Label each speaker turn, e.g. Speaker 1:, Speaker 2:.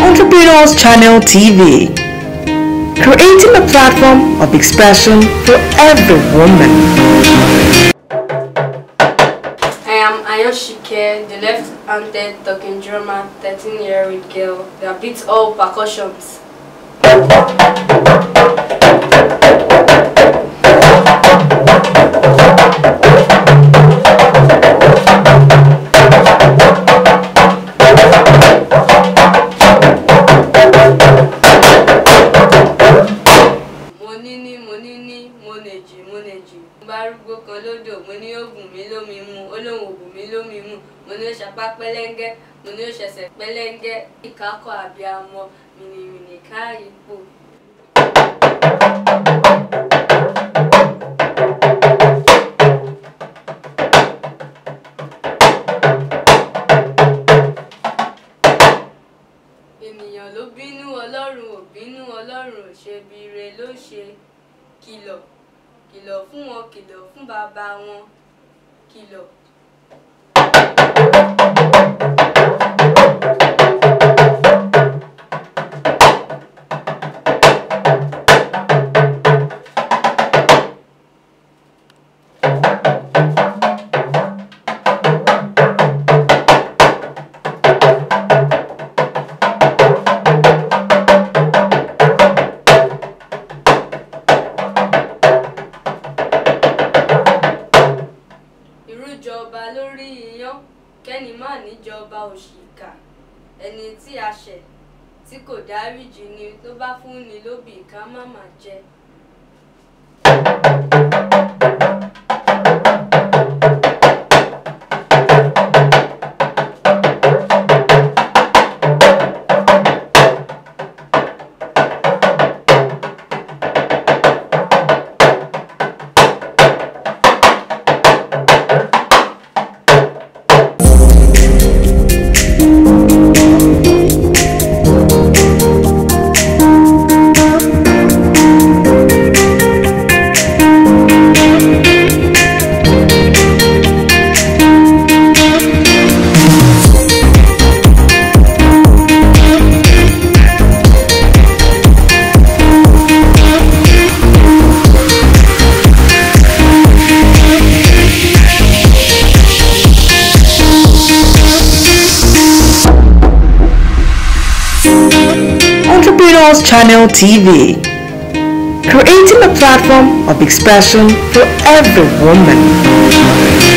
Speaker 1: Entrepreneurs Channel TV, creating a platform of expression for every woman.
Speaker 2: I am Ayoshike, the left-handed talking drummer, 13-year-old girl that beats all percussions. bá kan lódò mo ní ó mi mí lómi mu ó lóun ò gùn lómi mu mo ní ó ṣapá mo ní ó ṣẹ̀ṣẹ̀ pẹ́lẹ́ńgẹ́ àbíamọ mìnìmìnì káàrí pò. ènìyàn ló bínú ọlọ́run ò bínú ọlọ́run ò ṣe bí ló ṣe kìlọ̀. kìlọ̀ fún wọn kìlọ̀ fún bàbá wọn kìlọ̀ kẹ́nikẹ́ni má níjọba òṣìkà ẹni tí a ṣẹ̀ tí kò dáríjì ni tó bá fún ni lóbì ká má má jẹ. thank you
Speaker 1: Girls Channel TV, creating a platform of expression for every woman.